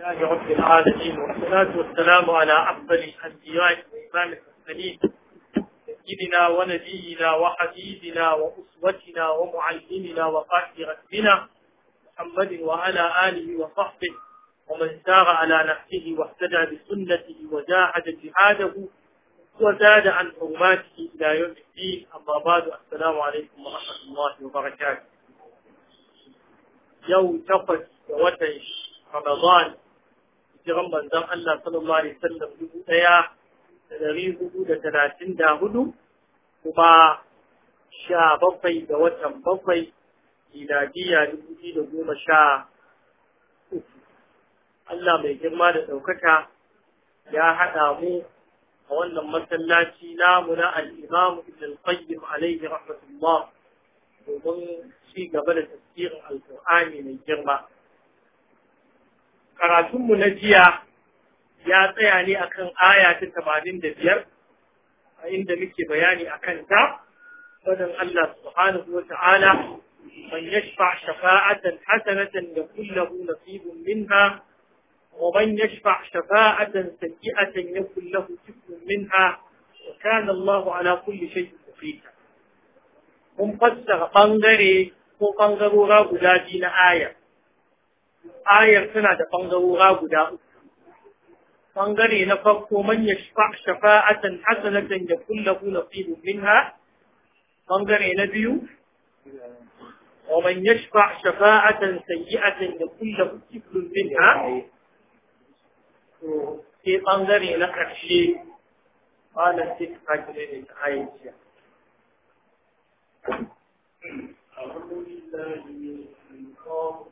لله رب العالمين والصلاة والسلام على أفضل الأنبياء وإمام المرسلين سيدنا ونبينا وحبيبنا وأسوتنا ومعلمنا وقائد ربنا محمد وعلى آله وصحبه ومن سار على نفسه واهتدى بسنته وجاهد جهاده وزاد عن حرماته إلى يوم الدين أما بعد السلام عليكم ورحمة الله وبركاته يوم تقص وتن رمضان hijiran manzon Allah sallallahu alaihi wasallam dubu ɗaya da ɗari hudu da talatin da hudu kuma sha bakwai da watan bakwai miladiya dubu biyu da goma sha uku Allah mai girma da ɗaukaka ya haɗa mu a wannan masallaci namu na al'imamu ibn qayyim alaihi rahmatullah domin ci gaba da tafsirin alkur'ani mai girma karatunmu na jiya ya tsaya ne akan aya ta tamanin da biyar a inda muke bayani a kanta fadin Allah subhanahu wa ta'ala man yashfa shafa'atan hasanatan da kullahu nasibun minha wa man yashfa shafa'atan sayyi'atan ya lahu kiflun minha wa kana Allah ala kulli shay'in qadira mun fassara bangare ko bangarora guda biyu na ayar ayar tana da bangarora guda uku bangare na farko man yashfa shafa'atan hasanatan yakun lahu nasibun minha bangare na biyu wa man shafa'atan ومن يشفع شفاعة سيئة يكون له كفل منها في قنظري لك شيء قال سيد قدر عائشة أعوذ بالله من الشيطان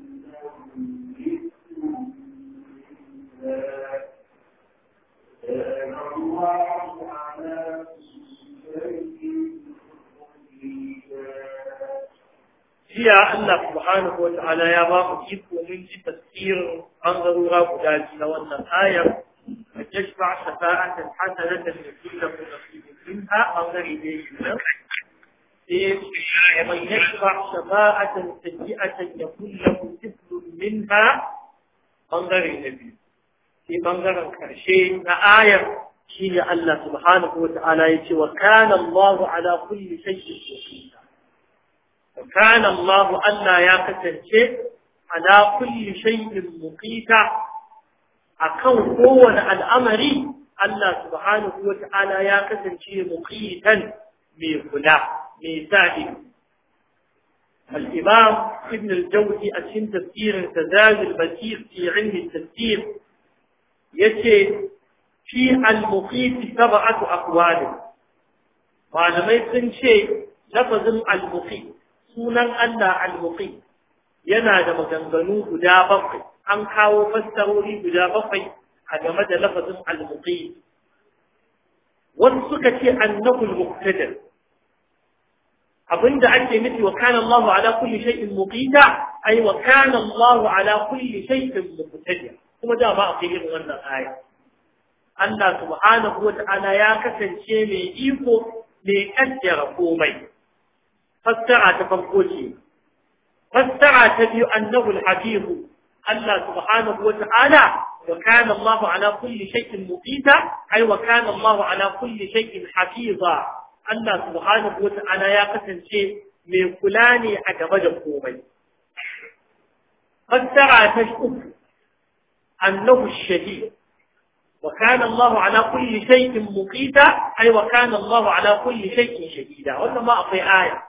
jiya Allah subhanahu wata'ala ya ba mu iko mun ji tafsirin bangarora guda biyu na wannan ayar a kashfa shafa'atan hasanatan li kulli nafsin minha bangare ne kenan sai man yashfa shafa'atan sayyi'atan yakun lahu mithlu minha bangare ne biyu في بنغرن كرشي آية شين الله سبحانه وتعالى يتي وكان الله على كل شيء وكيلا وكان الله أن يقتل شيء على كل شيء مقيتا أكون قوة الأمر الله سبحانه وتعالى يقتل شيء مقيتا بيقلا ميسائل الإمام ابن الجوزي أشن تفسير تزاد البسيط في علم التفسير yace fi al-muqit sab'atu aqwal malamai sun ce lafazin al-muqit sunan Allah al-muqit yana da maganganu guda bakwai an kawo fassarori guda bakwai a game da lafazin al-muqit wasu suka ce annahu al-muqtadir abinda ake nufi wa kana Allahu ala kulli shay'in muqita ay wa kana Allahu ala kulli shay'in muqtadir kuma da ba akwai irin wannan aya Allah subhanahu wata'ala ya kasance mai iko mai kaddara komai fassara ta farko ce fassara ta biyu annahu al-hakim Allah subhanahu wata'ala وكان الله على كل شيء مقيتا أي وكان الله على كل شيء حفيظا الله سبحانه وتعالى يا قسم شيء من فلان أجبج قومي قد سرع تشكك أنه الشهيد وكان الله على كل شيء مقيتا أي وكان الله على كل شيء شهيدا وإنما ما أقي آية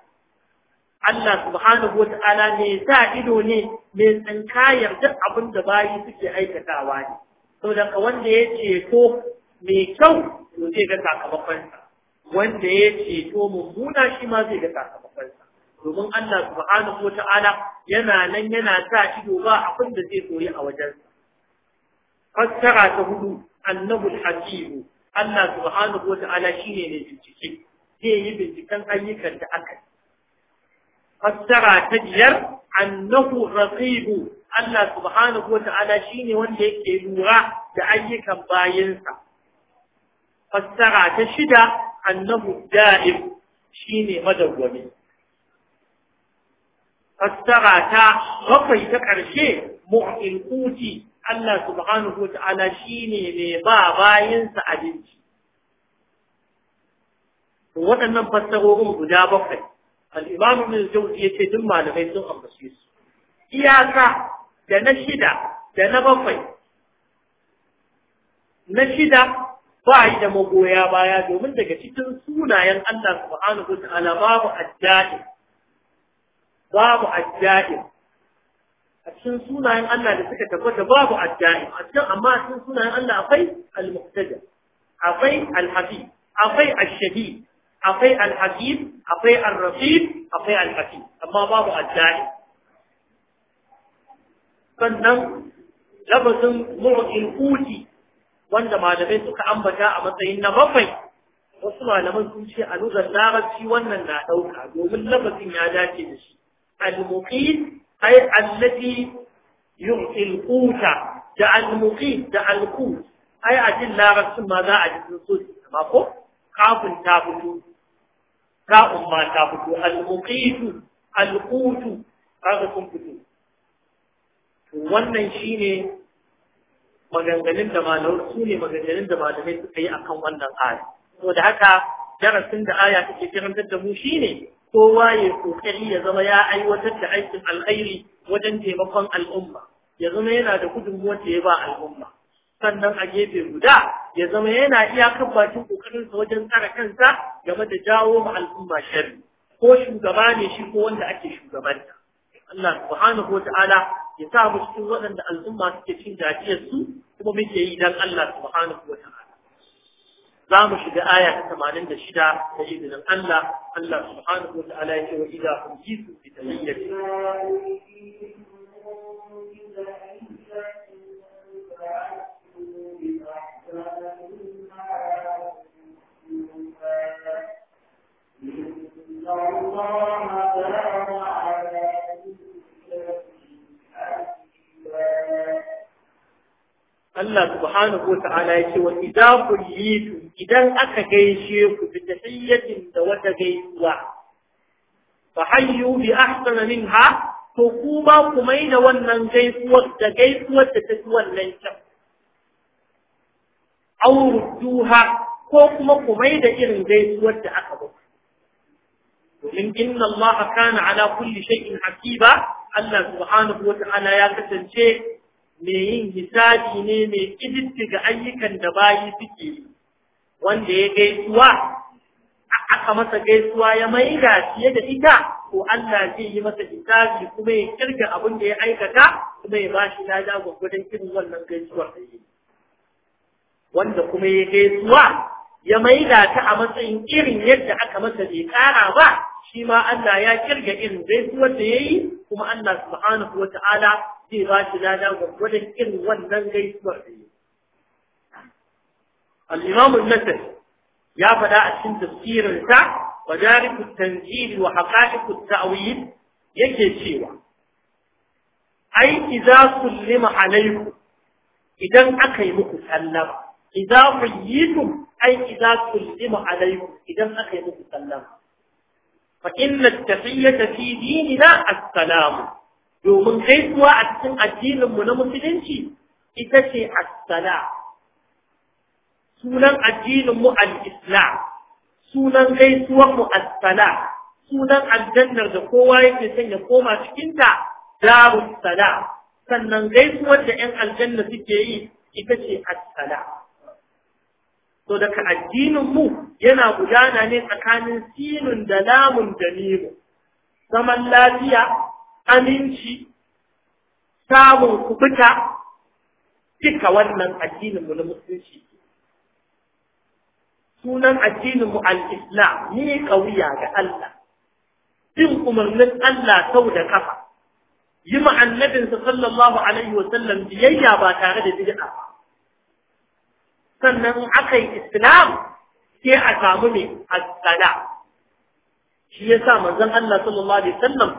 Allah subhanahu wa ta'ala ne sa ido ne mai tsinkayar duk abin da bayi suke aikatawa ne. Sau daga wanda ya ceto mai kyau to zai ga sakamakonsa, wanda ya ceto mummuna shi ma zai ga sakamakonsa. Domin Allah subhanahu wa ta'ala yana nan yana sa ido ba abin da zai koyi a wajensa. fassara ta hudu annabu al Allah subhanahu wa ta'ala shine ne bincike zai yi binciken ayyukan da aka yi fassara ta biyar annahu raqibu Allah subhanahu wa ta'ala shine wanda yake lura da ayyukan bayinsa fassara ta shida annahu da'im shine madawwami fassara ta bakwai ta ƙarshe mu'il quti Allah subhanahu ta'ala shi ne mai ba bayansa abinci. Waɗannan fassarorin guda bakwai, al'imamu mai jauzi ya ce duk malamai sun ambace su. Iyaka da na shida da na bakwai, na shida ba yi da magoya baya domin daga cikin sunayen Allah subhanahu wa ta'ala babu adda'in. Babu adda'in. a cikin sunayen Allah da suka tabbata babu addai a cikin amma a cikin sunayen Allah akwai al-muqtada akwai al-hafiz akwai ash-shahid akwai al-hafiz akwai al rafid akwai al-hafiz amma babu addai sannan lafazin mu'til quti wanda malamai suka ambata a matsayin na bakwai wasu malaman sun ce a lugar larabci wannan na dauka domin lafazin ya dace da shi al-muqit ai التي yu'ti القوت da al القوت da أجل لا ai a أجل نصوص ma هو؟ كاف ji كاف ما المقيم kafin ta fito ta fito wannan shine maganganun da malamai su ne maganganun da malamai suka yi akan wannan aya to haka darasin da aya take karantar da mu shine kowa ya kokari ya zama ya aiwatar da aikin alkhairi wajen taimakon al'umma ya zama yana da gudunmuwar da ya ba al'umma sannan a gefe guda ya zama yana iyakar bakin sa wajen tsara kansa game da jawo ma al'umma sharri ko shugaba ne shi ko wanda ake shugabanta Allah subhanahu wata'ala ya sa mu cikin waɗanda al'umma suke cin gajiyar su kuma muke yi dan Allah subhanahu wata'ala za mu shiga aya ta tamanin da izinin Allah Allah subhanahu wa ta'ala ya ce wa idza kunjisu bi tayyibati الله Allah subhanahu wa ta'ala ya ce wa idza kullitu idan aka gaishe ku bi tahiyyatin da wata gaisuwa fa hayyu bi ahsana minha to kuma ku mai da wannan gaisuwar da gaisuwar da ta wannan can aw rudduha ko kuma ku mai da irin gaisuwar da aka ba domin inna Allah kana ala kulli shay'in hakiba Allah subhanahu wa ta'ala ya kasance mai yin hisabi ne mai ƙididdiga ayyukan da bayi suke wanda ya gaisuwa aka masa gaisuwa ya mai ga fiye da ita ko Allah zai yi masa hisabi kuma ya kirga abin da ya aikata kuma ya ba bashi lada gwagwadon irin wannan gaisuwar da wanda kuma ya gaisuwa ya mai ga ta a matsayin irin yadda aka masa bai ƙara ba shi ma Allah ya kirga irin gaisuwar da ya yi kuma Allah subhanahu wa ta'ala zai ba shi na lada gwaggwadon irin wannan gaisuwar da yi. Al'imamu Nasir ya faɗa a cikin tafsirinsa wa jarikun tanzili wa haƙaƙiƙun ta'awil yake cewa, Ai, iza kullima alaiku idan aka yi muku sallama, iza kuyitum ai iza kullima alaiku idan aka yi muku sallama. فإن التحية في ديننا السلام domin gaisuwa a cikin addininmu na musulunci ita ce assala sunan addininmu al-islam sunan gaisuwanmu assala sunan aljannar da kowa yake sanya ya koma cikinta darus sala sannan gaisuwar da 'yan aljanna suke yi ita ce assala to daga addininmu yana gudana ne tsakanin sinun da lamun da zaman lafiya aminci samun kubuta duka wannan addininmu na musulunci sunan addininmu al-islam ni kauya ga Allah bin umarnin Allah sau da kafa yi ma'annabinsa sallallahu alaihi wa sallam biyayya ba tare da bid'a ba sannan akai islam sai a samu ne a sala shi yasa manzon Allah sallallahu alaihi wa sallam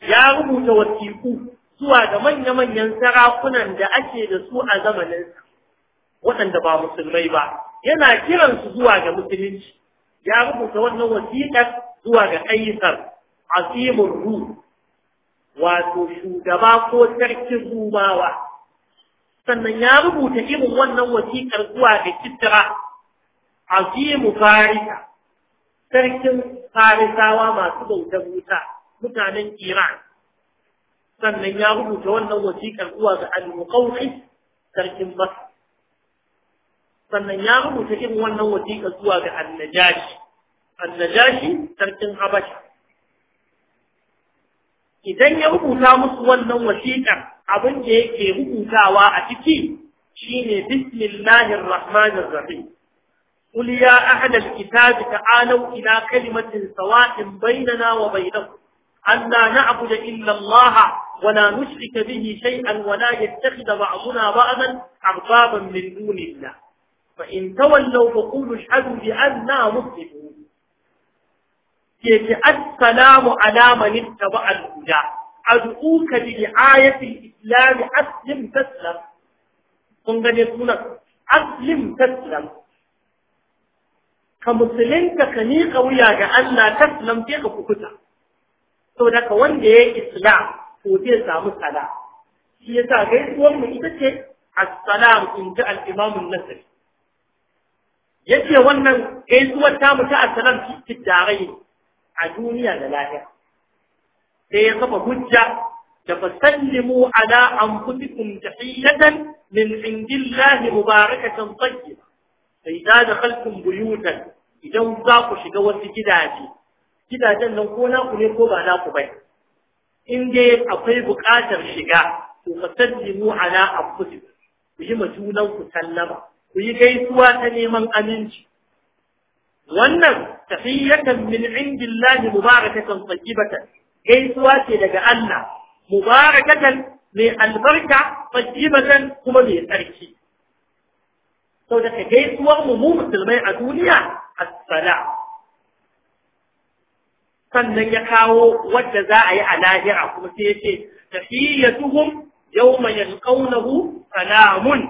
ya rubuta wasiku zuwa ga manya-manyan sarakunan da ake da su a zamaninsa waɗanda ba musulmai ba yana kiransu zuwa ga musulunci ya rubuta wannan wasiƙar zuwa ga kaisar azimin ru wato shugaba ko sarkin zubawa sannan ya rubuta irin wannan wasiƙar zuwa ga kitira azimu farisa sarkin farisawa masu bautar wuta mutanen Iran sannan ya rubuta wannan wasiƙar zuwa ga al-muqawqi sarkin Masar sannan ya rubuta irin wannan wasiƙar zuwa ga al-Najashi sarkin habasha idan ya rubuta musu wannan wasiƙar abin da yake rubutawa a ciki shine bismillahir rahmanir rahim قل يا أهل الكتاب تعالوا إلى كلمة سواء بيننا وبينكم أن لا نعبد إلا الله ولا نشرك به شيئا ولا يتخذ بعضنا بعضا أربابا من دون الله فإن تولوا فقولوا اشهدوا بأننا مسلمون يجي السلام على من اتبع الهدى أدعوك لرعاية الإسلام أسلم تسلم قنقل يقولك أسلم تسلم كمسلمك كنيق وياك أن لا تسلم فيك فكتا to daga wanda ya yi islam to zai samu sala shi yasa gaisuwar mu ita ce assalam in al-imam an-nasri yace wannan gaisuwar ta mu ta assalam fi darai a duniya da lahira sai ya kafa hujja da fasallimu ala anfusikum tahiyatan min indillahi mubarakatan tayyiba sai da dakhaltum buyutan idan za ku shiga wasu gidaje gidajen nan ko naku ne ko ba naku bai in dai akwai buƙatar shiga to fasallimu ala anfusikum ku yi majunan ku sallama ku yi gaisuwa ta neman aminci wannan tahiyyatan min indillahi mubarakatan tayyibatan gaisuwa ce daga Allah mubarakatan mai albarka tayyibatan kuma mai tsarki sau ka gaisuwar mu mu musulmai a duniya Asala. sannan ya kawo wadda za a yi a lahira kuma sai ya ce tahiyyatuhum yawma yalqawnahu salamun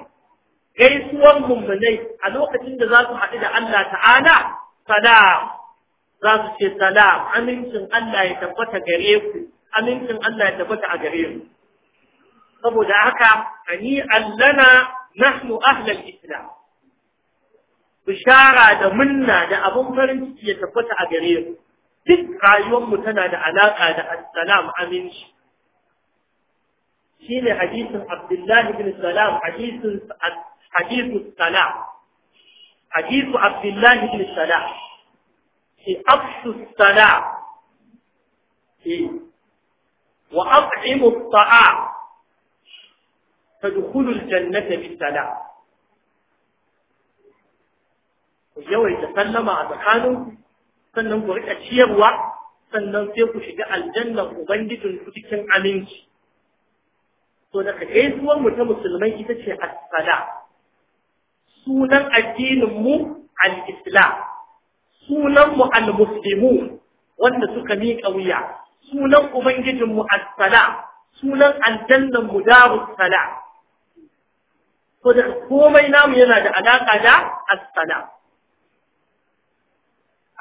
gaisuwan mummunai a lokacin da za su haɗu da Allah ta'ala salam za su ce salam amincin Allah ya tabbata gare ku amincin Allah ya tabbata a gare mu. saboda haka ani allana nahnu ahlal islam bishara da munna da abun farin ciki ya tabbata a gare mu. duk rayuwarmu tana da alaƙa da assalam aminci shi ne hadisin abdullahi bin salam hadisin hadisu salam hadisu abdullahi bin salam ke afsu salam ke wa af'imu ta'a tadkhulu aljannata bisalam yawaita sallama a tsakaninku sannan ku rika ciyarwa sannan sai ku shiga aljannar ubangijin ku cikin aminci to daga gaisuwar mu ta musulmai ita ce as-sala sunan addinin mu al-islam sunan mu al muslimu wanda suka miƙa wuya sunan ubangijin mu as-sala sunan aljannar mu darus sala to da komai namu yana da alaƙa da as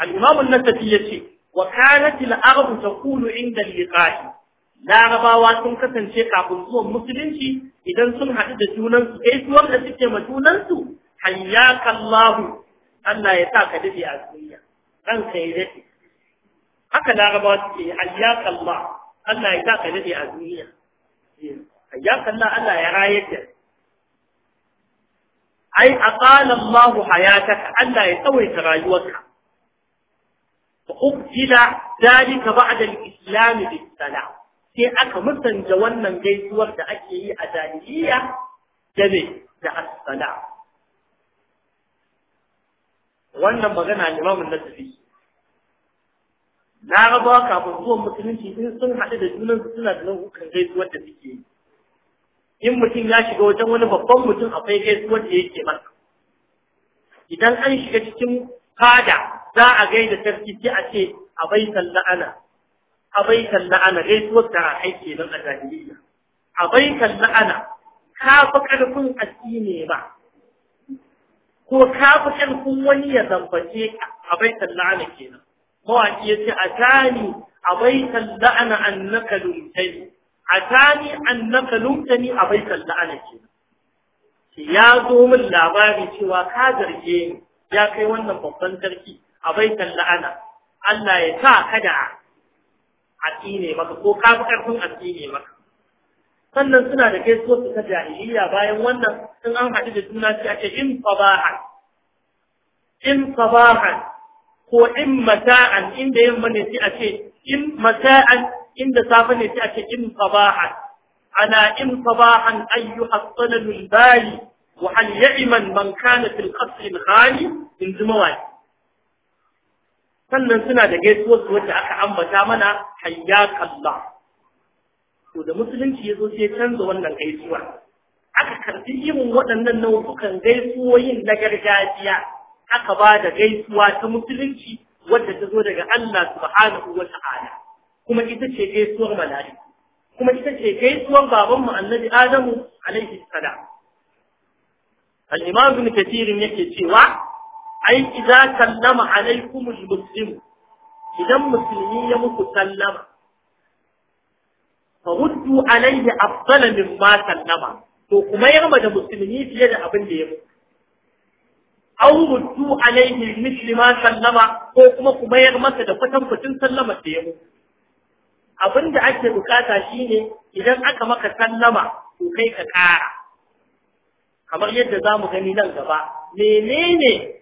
الإمام النسفي يسي وكانت الأغب تقول عند اللقاء لا أغبا واتم كتن شيخ عبد الزوم مسلم إذا إذن سن حديد جونانس إيه سوار أسكي مجونانس حياك الله أن يتاك دفي أسنية أن خيرك حكا لا أغبا حياك الله أن يتاك دفي أسنية حياك الله أن يرايك أي أقال الله حياتك أن يتوي ترايوتك فأبدل ذلك بعد الإسلام بالسلام sai aka musanta wannan gaisuwar da ake yi a jahiliya da da assala wannan magana limamin na tafi na raba kafin zuwan musulunci in sun haɗu da junan su suna da nau'ukan gaisuwar da suke yi in mutum ya shiga wajen wani babban mutum akwai gaisuwar da yake masa idan an shiga cikin fada za a gaida sarki sai a ce a baitan la'ana a baitan la'ana gaisuwar ta aiki nan a jahiliya a baitan la'ana ka fi ƙarfin addini ba ko ka fi ƙarfin wani ya zambace ka a baitan la'ana kenan mawaƙi ya ce a tani a baitan la'ana annaka lumtani a tani annaka lumtani a baitan la'ana kenan ya zo min labari cewa ka zarge ni ya kai wannan babban sarki abaitan la'ana Allah ya sa kada a tsine maka ko ka fi ƙarfin a tsine maka sannan suna da kai so su ta jahiliya bayan wannan sun an haɗu da juna sai ake in sabahan in sabahan ko in mata'an inda yamma ne sai ake in mata'an inda safe ne sai ake in sabahan ana in sabahan ayyuha sanadul bali wa hal ya'iman man kana fil qasr al khali in zuma sannan suna da gaisuwar su wacce aka ambata mana hayya kalla to da musulunci ya zo sai canza wannan gaisuwa aka karbi irin waɗannan nau'ukan gaisuwoyin na gargajiya aka ba da gaisuwa ta musulunci wadda ta zo daga Allah subhanahu wa ta'ala kuma ita ce gaisuwar mala'iku kuma ita ce gaisuwar babanmu annabi Adamu alaihi salam al-imam ibn kathir yake cewa ai idan kallama alaikumul muslim idan musulmi ya muku sallama fa ruddu alayhi afdala mimma sallama to kuma yarma da musulmi fiye da abin da ya muku aw ruddu alayhi muslima sallama ko kuma kuma ya masa da fatan fatin sallama da ya muku abinda ake bukata shine idan aka maka sallama to kai ka kara kamar yadda zamu gani nan gaba menene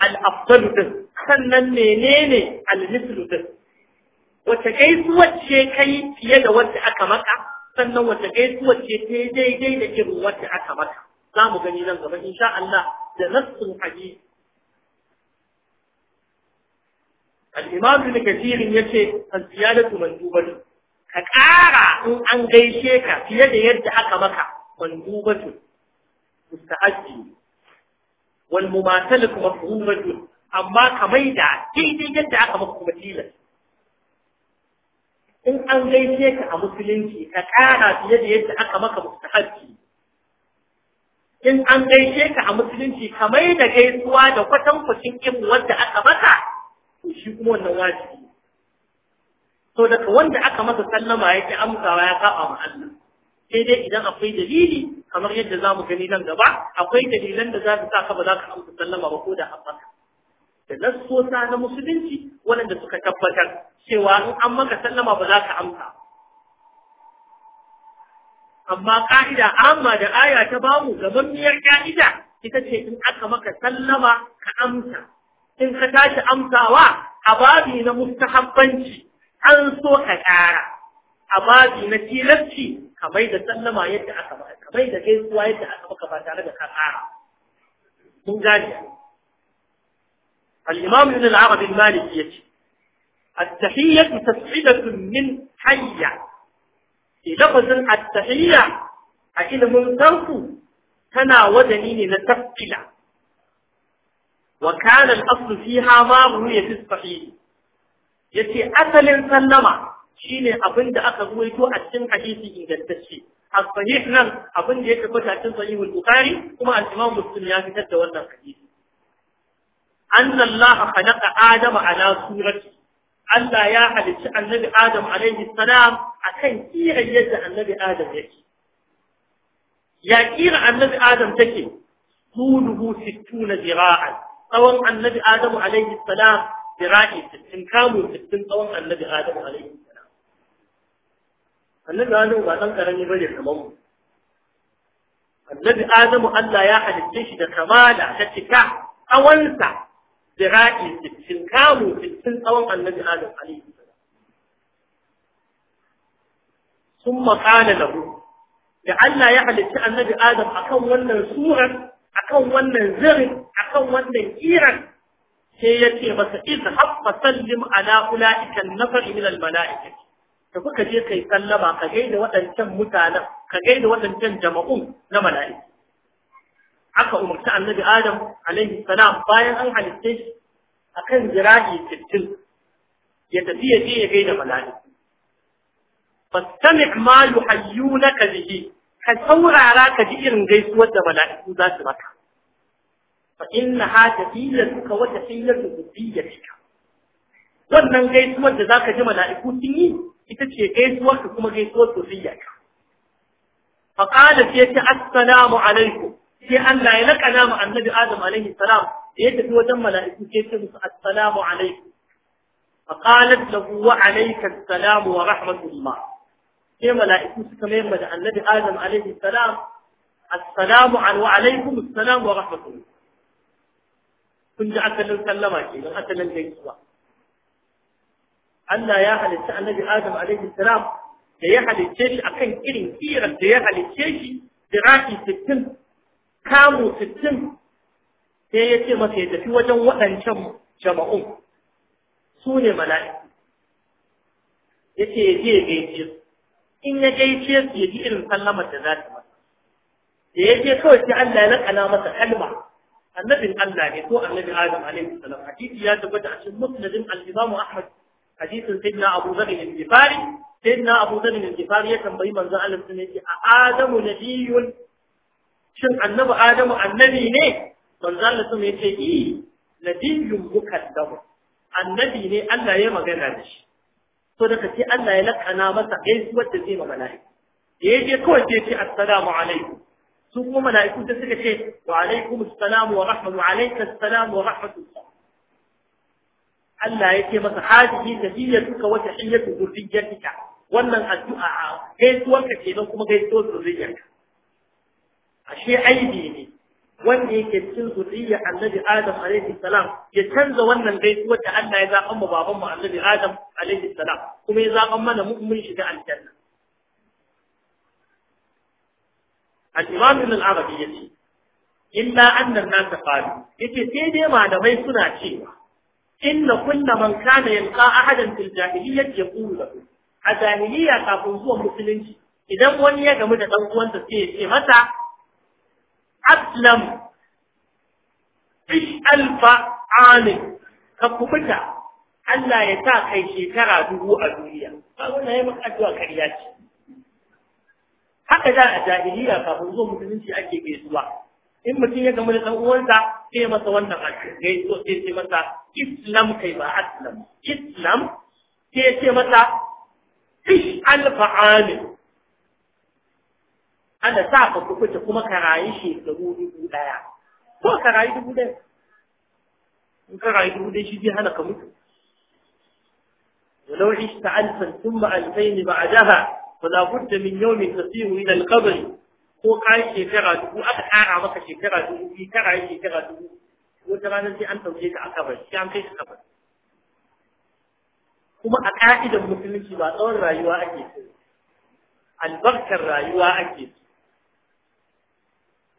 al-afdalu din sannan menene al-mislu din wace gaisuwar ce kai fiye da wacce aka maka sannan wace gaisuwar ce ta daidai da irin wacce aka maka za mu gani nan gaba insha Allah da nassun hadisi al ya ce kathir yace al-ziyadatu mandubatu ka ƙara in an gaishe ka fiye da yadda aka maka mandubatu musta'ajji wal mumasalatu mafhumatun amma ka maida daidai yadda aka maka kuma tilas in an gaishe ka a musulunci ka ƙara fiye da yadda aka maka mustahabbi in an gaishe ka a musulunci ka da gaisuwa da kwatan kwacin wanda aka maka to wannan to daga wanda aka masa sallama yake amsawa ya saba ma Allah sai dai idan akwai dalili kamar yadda za mu gani nan gaba akwai dalilan da za su sa ka ba za ka amsa sallama ba ko da haɓaka da nassosa na musulunci waɗanda suka tabbatar cewa in an maka sallama ba za ka amsa amma ƙa'ida amma da aya ta bamu gaban miyar ƙa'ida ita ce in aka maka sallama ka amsa in ka tashi amsawa a babi na mustahabbanci an so ka ƙara a babi na tilasci kamar da sallama yadda aka maka kamar da gaisuwa yadda aka maka ba tare da kakara mun gane al-imam ibn al-arabi al-maliki yace at-tahiyyatu tas'idatun min hayya lafazin at-tahiyya a ilimin sarfu tana wadani ne na tafsila wa kana al-aslu fiha ma ruwiya fi as-sahih yace asalin sallama shine abin da aka ruwaito a cikin hadisi ingantacce A sahih nan abin da ya tabbata cikin sahih al-bukhari kuma al-imam muslim ya fitar da wannan hadisi anna allaha khalaqa adama ala surati Allah ya halicci annabi Adam alaihi salam akan kiran yadda annabi Adam yake ya kira annabi Adam take طوله ستون ذراعا tsawon annabi آدم عليه salam ذراعي ستين كامل sittin tsawon annabi آدم عليه salam. annabi adamu ba dan karami bane kamar mu annabi adamu Allah ya halicce shi da kamala ta cika awansa zira'i 60 kamu 60 tsawon annabi adamu alaihi salam summa qala lahu da Allah ya halicci annabi adam akan wannan surar akan wannan zirin akan wannan kiran sai ya ce masa izhab fa sallim ala ulaika min Da kuka je kai sallama ka gaida waɗancan mutanen ka gaida waɗancan jama'un na mala'iku aka umarci annabi adam alaihi salam bayan an halitta shi akan jira'i sittin ya tafi ya je ya gaida mala'iku fastami' ma yuhayyunaka bihi ka saurara ka ji irin gaisuwar da mala'iku za su maka fa innaha ka wa tahiyyatu dhurriyyatika wannan gaisuwar da zaka ji mala'iku sun yi ita ce gaisuwar ka kuma gaisuwar soyayya ka fa qala sai ta assalamu alaikum sai Allah ya lakana mu annabi Adam alaihi salam da ya tafi wajen mala'iku sai ta musu assalamu alaikum fa qalat lahu wa alayka assalam wa rahmatullah sai mala'iku suka mayar da annabi Adam alaihi salam assalamu alaikum assalam wa rahmatullah kun ji asalin sallama kenan asalin gaisuwa Allah ya halicci annabi Adam alaihi salam da ya halicce shi akan irin kiran da ya halicce shi diraki 60 kamu 60 sai ya ce masa ya tafi wajen waɗancan jama'un su ne mala'iku ya ce ya je ya gaishe su in ya gaishe su ya ji irin sallamar da za ta masa da ya je kawai sai Allah ya lakana masa kalma annabin Allah ne ko annabi Adam alaihi salam hadisi ya tabbata a cikin musnadin al-Imam Ahmad hadisin sayyidina Abu Dharr al-Ghifari sayyidina Abu Dharr al-Ghifari ya tambayi manzo Allah sun yake a Adamu nabiyyun shin annabi Adamu annabi ne manzo Allah sun yace i eh, nabiyyun mukaddamu annabi ne Allah ya magana da shi to daga sai Allah ya lakana masa ai wanda zai ma mala'iku da je kawai sai ce assalamu alaikum su kuma mala'iku sai suka ce wa alaikum assalam wa rahmatu alayka assalam wa rahmatullah Allah ya ce masa hadihi tahiyyatuka wa tahiyyatu dhurriyyatika wannan addu'a gaisuwarka kenan kuma gaisuwar zuriyarka ashe aibi ne wanda yake cikin zuriya annabi Adam alaihi salam ya canza wannan gaisuwar da Allah ya zaɓa mu baban mu annabi Adam alaihi salam kuma ya zaɓa mana mu'min shiga aljanna al-imam ibn al-arabi yace illa anna an-nas qalu yace sai dai malamai suna cewa inna kunna man kana yalqa ahadan fil jahiliyyah yaqulu lahu a jahiliya kafin zuwa musulunci idan wani ya gamu da ɗan uwansa sai ya ce mata aslam fi alfa amin ka kubuta Allah ya sa kai shekara dubu a duniya ba wannan ya maka addu'a kariya ce haka da a jahiliya kafin zuwa musulunci ake gaisuwa in mutum ya gamu da ɗan uwansa sai masa wannan gai so sai ce masa islam kai ba aslam islam sai ce masa fish alfa amin ana sa ka ku fita kuma ka rayu shekaru dubu daya ko ka rayu dubu ɗaya in ka rayu dubu ɗaya shi zai hana ka mutu ولو عشت ألفا ثم ألفين بعدها فلا بد من يوم تصير إلى القبر ko kai shekara dubu aka ƙara maka shekara dubu biyu tara yi shekara dubu wata ranar sai an ɗauke ka a kabar sai an kai ka kabar kuma a ƙa'idar musulunci ba tsawon rayuwa ake so albarkar rayuwa ake so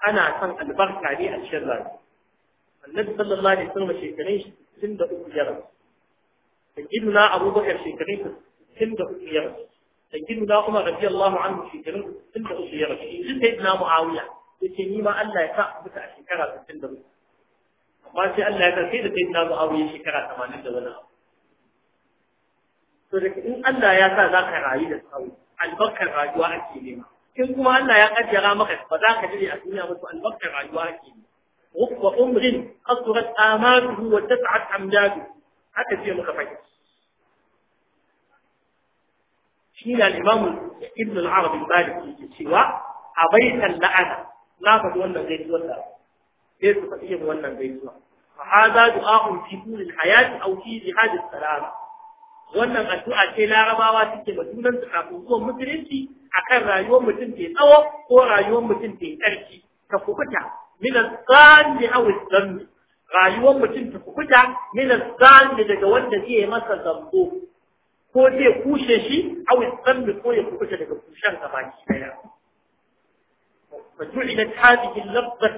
ana son albarka ne a cikin rayuwa annabi sallallahu alaihi wasallam shekarun sittin da uku ya rasu da giduna abubakar shekarun sittin da uku ya sayyiduna Umar radiyallahu anhu shekarun 63 ya rasu in sayyidina Muawiya yace ni ma Allah ya sa mutu a shekara 63 amma sai Allah ya karfe da sayyidina Muawiya shekara 80 da wani abu to da Allah ya sa zaka rayu da sauri albarkar rayuwa ake nema in kuma Allah ya kaddara maka ba za ka jire a duniya ba to albarkar rayuwa ake nema wa umrin qasurat ta wa tas'at amdaduhu haka ce muka fahimci shine al-imam ibn al-arabi maliki ke cewa abaitan la'ana na faɗi wannan gaisuwar da sai su faɗi yin wannan gaisuwa fa hada du'a'un fi tulil hayati aw fi jihad as-salam wannan addu'a ce larabawa suke ma junan su kafin zuwan musulunci akan rayuwar mutum ke tsawo ko rayuwar mutum ke ƙarfi ta kubuta min as-sami aw as-sami rayuwar mutum ta kubuta min as-sami daga wanda zai masa zambo ko zai kushe shi aw yasmi ko ya kushe daga kushen ga baki daya fa ta hadhihi al-lafza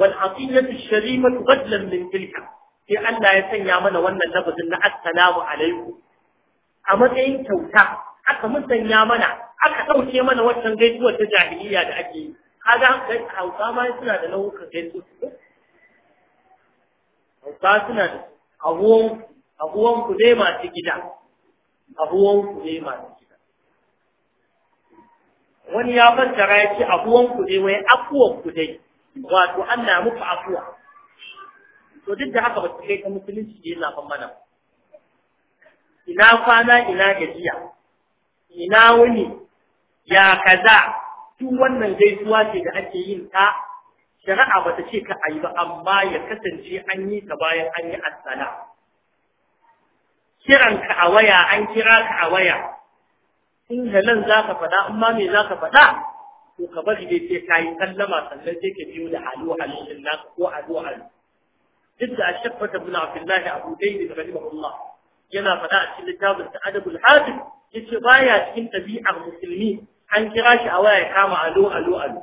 wal aqiyatu ash-sharimatu badlan min tilka sai Allah ya sanya mana wannan labarin na assalamu alaikum a matsayin kyauta aka musanya mana aka ɗauke mana wancan gaisuwar ta jahiliya da ake yi kaga hausa ma suna da nau'ukan gaisuwa hausa suna da abuwan abuwan ku dai masu gida Abuwanku kuɗe masu gida wani ya fassara ya ce abuwanku ne wai afuwan dai, wato na muku afuwa to duk da haka ba su kai ta musulunci da yana mana ina kwana ina gajiya ina wuni ya kaza duk wannan gaisuwa ce da ake yin ta shari'a ta ce ka ayi ba amma ya kasance an yi ta bayan an yi assala kiranka a waya an kira ka a waya in nan za ka faɗa amma me za ka faɗa to ka bari dai sai ka yi sallama sannan sai ka biyo da halu halin naka ko halu halu duk da ashaffata bin abdullahi abu daidai da rahimahullah yana faɗa a cikin littafin ta adabul hadis yace baya cikin ɗabi'ar musulmi an kira shi a waya ya kama alo alo alo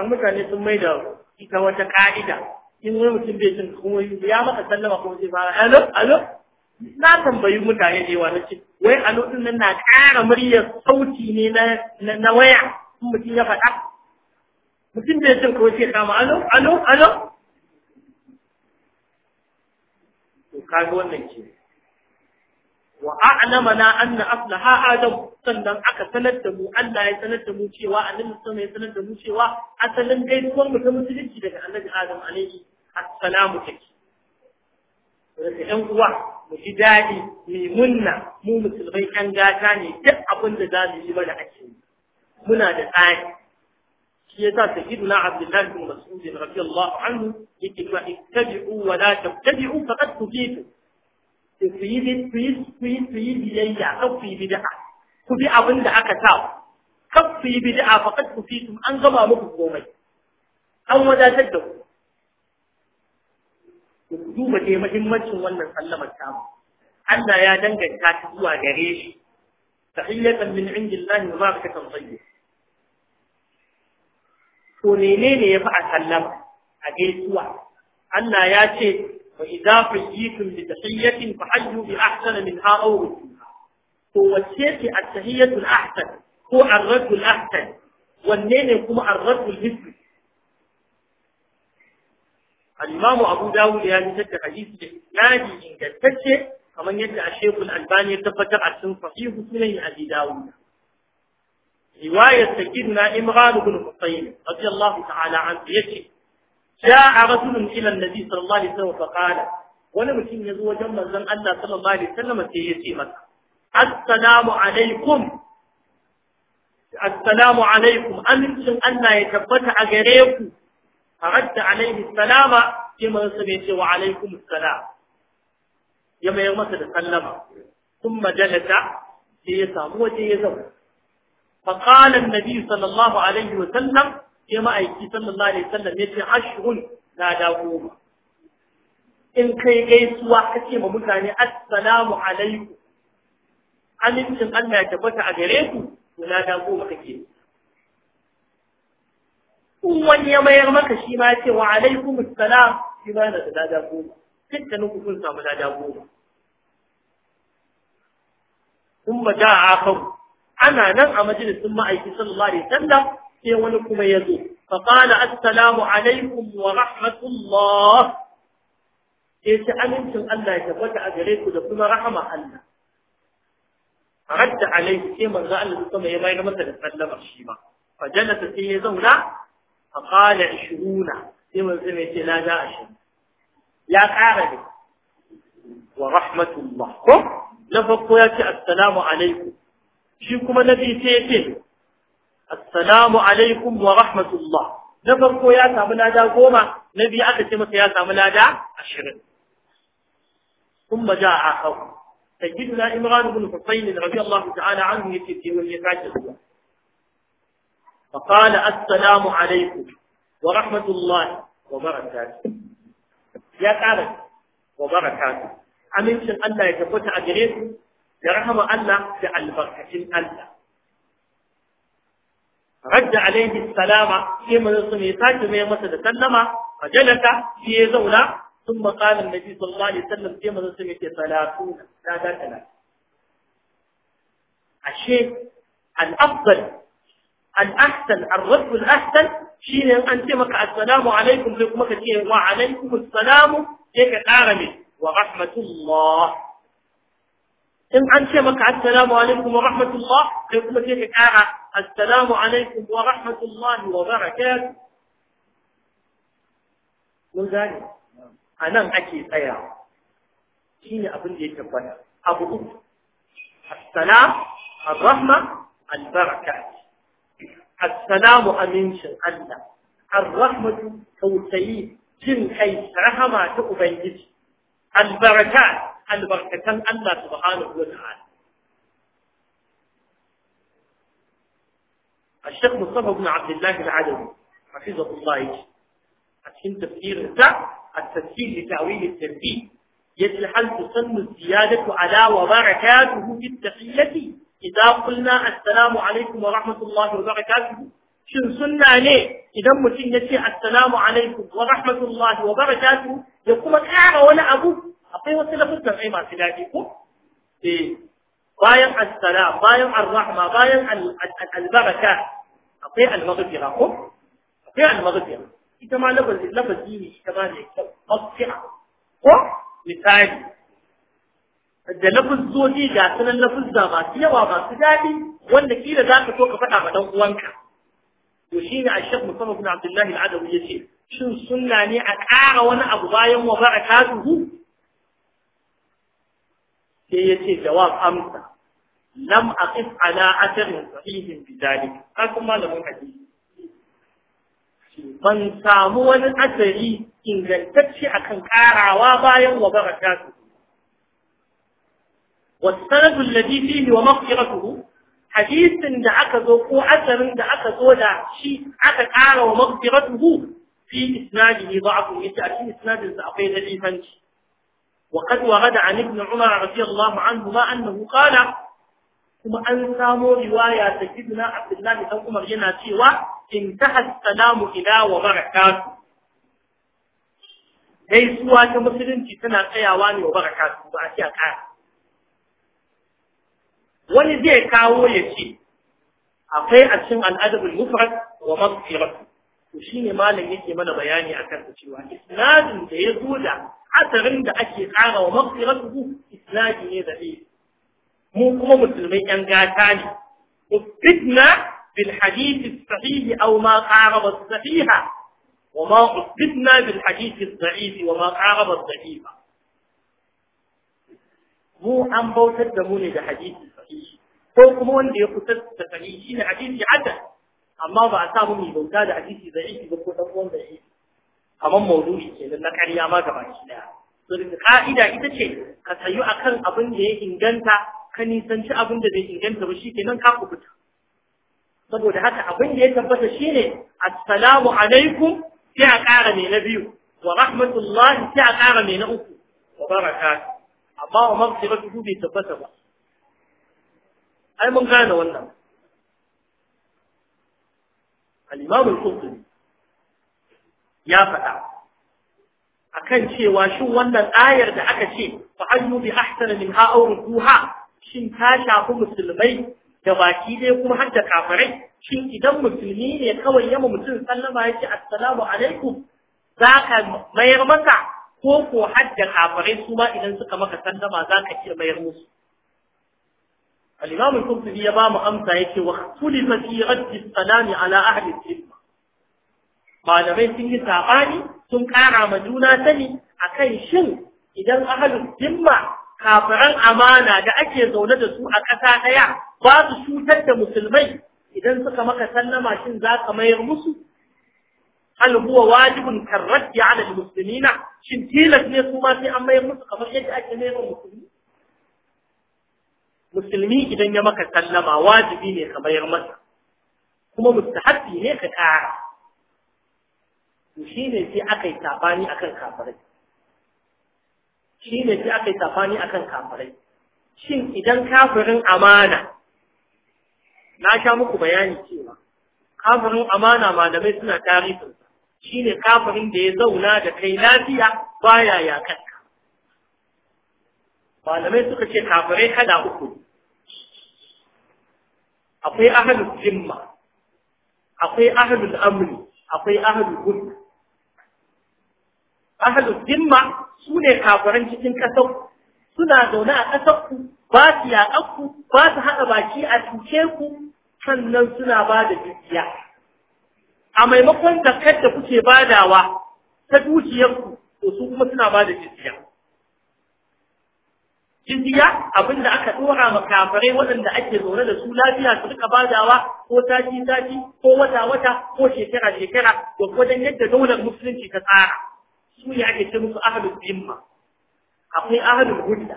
an mutane sun mai da ita wata ka'ida in wani mutum bai jin kuma ya maka sallama kuma zai fara alo alo na tambayi mutane da yawa na ce wai a lokacin nan na ƙara muryar sauti ne na waya in mutum ya faɗa mutum da ya cin kawai ce kama alo alo alo to kaga wannan ke wa an na anna ha adam sannan aka sanar da mu Allah ya sanar da mu cewa annabi sallallahu ya sanar da mu cewa asalin gaisuwar mu ta musulunci daga annabi Adam alaihi assalamu take daga ƴan uwa mu ji daɗi mu munna mu musulmai kan gata ne duk abin da za mu yi mana ake muna da tsari shi yasa sayyiduna abdullahi bin mas'ud radiyallahu anhu yake cewa ittabi'u wa la tabtadi'u faqad tufitu ku yi ku yi biyayya kan ku yi bid'a ku bi abin da aka sa kan ku yi bid'a faqad tufitu an gama muku komai an wadatar da ku duba dai muhimmancin wannan sallamar tamu Allah ya danganta ta zuwa gare shi tahiyatan min indillahi wa barakatan tayyib to menene fi a sallama a gaisuwa Allah ya ce wa idza fujitum bi tahiyatin fa hayyu bi ahsana minha aw rudduha to wacce ce at-tahiyatu al-ahsan ko ar-raddu al-ahsan wanne ne kuma ar-raddu al al-imamu abu dawud ya fitar da hadisi da isnadi ingantacce kamar yadda a shekul albani ya tabbatar a cikin sahihu sunan abi dawud riwayar sakidna imran ibn husayn radiyallahu ta'ala an yace ja'a rasulun ila annabi sallallahu alaihi wasallam fa qala wani mutum ya zo wajen manzon Allah sallallahu alaihi wasallam sai ya ce masa assalamu alaikum assalamu alaikum amincin Allah ya tabbata a gare ku faradda alaihi salama sai manzo bai ce wa alaikum salam ya mayar masa da sallama kuma jalata sai ya samu waje ya zauna فقال النبي صلى الله عليه وسلم كما أيكي صلى الله عليه وسلم يتي عشر لا داوما إن كي جيسوا حكيم متاني السلام عليكم أمنتم أن يتبتع غيركم ولا داوما حكيم in wani ya mayar maka shi ma ce wa alaikum assalam shi ma yana da lada goma dukkanin ku kun samu lada goma kun ba ja a ana nan a majalisin ma'aiki sallallahu alaihi wasallam sai wani kuma ya zo fa qala assalamu alaikum wa rahmatullah sai ce amincin Allah ya tabbata a gare ku da kuma rahama Allah radda alaihi sai manzo Allah ya kuma ya bayar masa da sallama shi ma fajalata sai ya zauna فقال عشرون لما زمت لا داعش يا قارب ورحمة الله لفقوا يا السلام عليكم شيكم الذي سيتم السلام عليكم ورحمة الله نفقوا يا من هذا قوما نبي أكتمك يا من هذا عشرين ثم جاء آخر سيدنا إمران بن حسين رضي الله تعالى عنه يتيتي وهي فاتحة فقال السلام عليكم ورحمة الله وبركاته يا كارك وبركاته أمنشن الله يتفوت أجريكم يرحم الله بالبركة الله رد عليه السلام كما نصمي ساكي ما يمسد سلم فجلس في زولا ثم قال النبي صلى الله عليه وسلم كما نصمي ثلاثون لا ثلاثة أشيء الأفضل الأحسن الرد الأحسن شين أنت مك السلام عليكم لكم كثير وعليكم السلام هيك قارمي ورحمة الله إن أنت مك السلام عليكم ورحمة الله لكم هيك قارا السلام عليكم ورحمة الله وبركاته mun gane أنا أكيد ake tsayawa shi ne أبو السلام الرحمة البركة assalamu amincin Allah ar-rahmatu tawtayi jin kai rahama ta ubangiji al-baraka al-barakatan Allah subhanahu wa ta'ala الشيخ مصطفى بن عبد الله العدوي حفظه الله عشان تفسير ya التفسير لتأويل التنبيه يجل حل تصن الزيادة على وبركاته في التحية idan kulna assalamu alaikum wa rahmatullahi wa barakatuh shin sunna ne idan mutum ya ce assalamu alaikum wa rahmatullahi wa barakatuh ya kuma kara wani abu akwai wasu lafuzan ai masu daɗi ko eh bayan assalam bayan arrahma bayan albaraka akwai almaghfira ko akwai almaghfira ita ma lafazi lafazi ne ita ma ne maghfira ko misali da lafuzzoji ga sunan lafuzza masu yawa masu daɗi wanda kila za ka so ka faɗa ma ɗan uwanka to shi ne a shek musamman bin abdullahi Adamu ya ce shin sunna ne a ƙara wani abu bayan wa barakatuhu sai ya ce jawab amsa lam aqif ala atharin sahihin bidalik har kuma malamin hadisi ban samu wani asari ingantacce akan ƙarawa bayan wa barakatuhu والسند الذي فيه ومغفرته حديث da aka zo ko asarin da aka zo da shi aka ƙara wa maghfiratuhu fi isnadihi da'fu yace a cikin isnadin sa akwai dalifanci wa qad warada an ibn umar radiyallahu anhu ma annahu qala kuma an samo riwaya ta ibn abdullahi dan umar yana cewa intaha salamu ila wa barakatuh gaisuwa ta musulunci tana tsayawa ne wa barakatuh ba a ce a ƙara wani zai kawo ya ce akwai a cikin al'adabul mufrad wa maghfiratu to shine malam yake mana bayani akan ta cewa isnadin da ya zo da asarin da ake kara wa maghfiratu isnadi ne da mu kuma musulmai yan gata ne ubbidna bil hadith as-sahih aw ma qaraba as-sahiha وما أثبتنا بالحديث الضعيف وما قارب الضعيف mu an bautar da mu ne da hadisi ko kuma wanda ya kusa da sani shi ne hadisi hada amma ba a samu mai bauta da hadisi da yake ba ko dan wanda yake kamar maudu'i kenan na ƙarya ma gaba shi daya to da ka'ida ita ce ka sayu akan abin da ya inganta ka nisanci abin da bai inganta ba shi kenan ka kubuta saboda haka abin da ya tabbata shine assalamu alaikum sai a ƙara mai na biyu wa rahmatullahi sai a ƙara mai na uku wa baraka amma wa mafi ba bai tabbata ba ai mun gane wannan al-imam al-qurtubi ya faɗa akan cewa shi wannan ayar da aka ce fa ayyu bi ahsana ha aw ruha shin ta shafi musulmai da baki dai kuma har da kafirai shin idan musulmi ne kawai ya mu mutum sallama yake assalamu alaikum zaka mayar maka ko ko har da kafirai su ma idan suka maka sallama zaka iya mayar musu الإمام القرطبي يبام أمسى يكي واختلف في رد السلام على أهل الإثم قال بين سنجي ساقاني سنكار مدونا سني أكي شن إذن أهل الذمة kafiran amana da ake zaune da su a ƙasa ɗaya ba su cutar da musulmai idan suka maka sallama shin za ka mayar musu hal huwa wajibun karrati ala almuslimina shin tilas ne su sai an mayar musu kamar yadda ake mayar musulmi musulmi idan ya maka sallama wajibi ne ka bayar masa kuma mustahabbi ne ka ƙara to ne sai aka yi sabani akan kafirai ne sai aka yi sabani akan kafirai shin idan kafirin amana na sha muku bayani cewa kafirin amana malamai suna tarihin ne kafirin da ya zauna da kai lafiya baya kai malamai suka ce kafirai kala uku akwai ahlul zimma akwai ahlul amri akwai ahlul hud ahlul zimma su ne kafiran cikin ƙasar suna zaune a ƙasar ku ba su yaƙar ku ba su haɗa baki a cuce ku sannan suna ba da dukiya a maimakon zakar da kuke badawa ta dukiyarku to su kuma suna ba da dukiya jizya abin da aka dora ma kafirai waɗanda ake zaune da su lafiya su rika badawa ko sati sati ko wata wata ko shekara shekara ko wajen yadda daular musulunci ta tsara su ne ake ce musu ahlul akwai ahlul hudda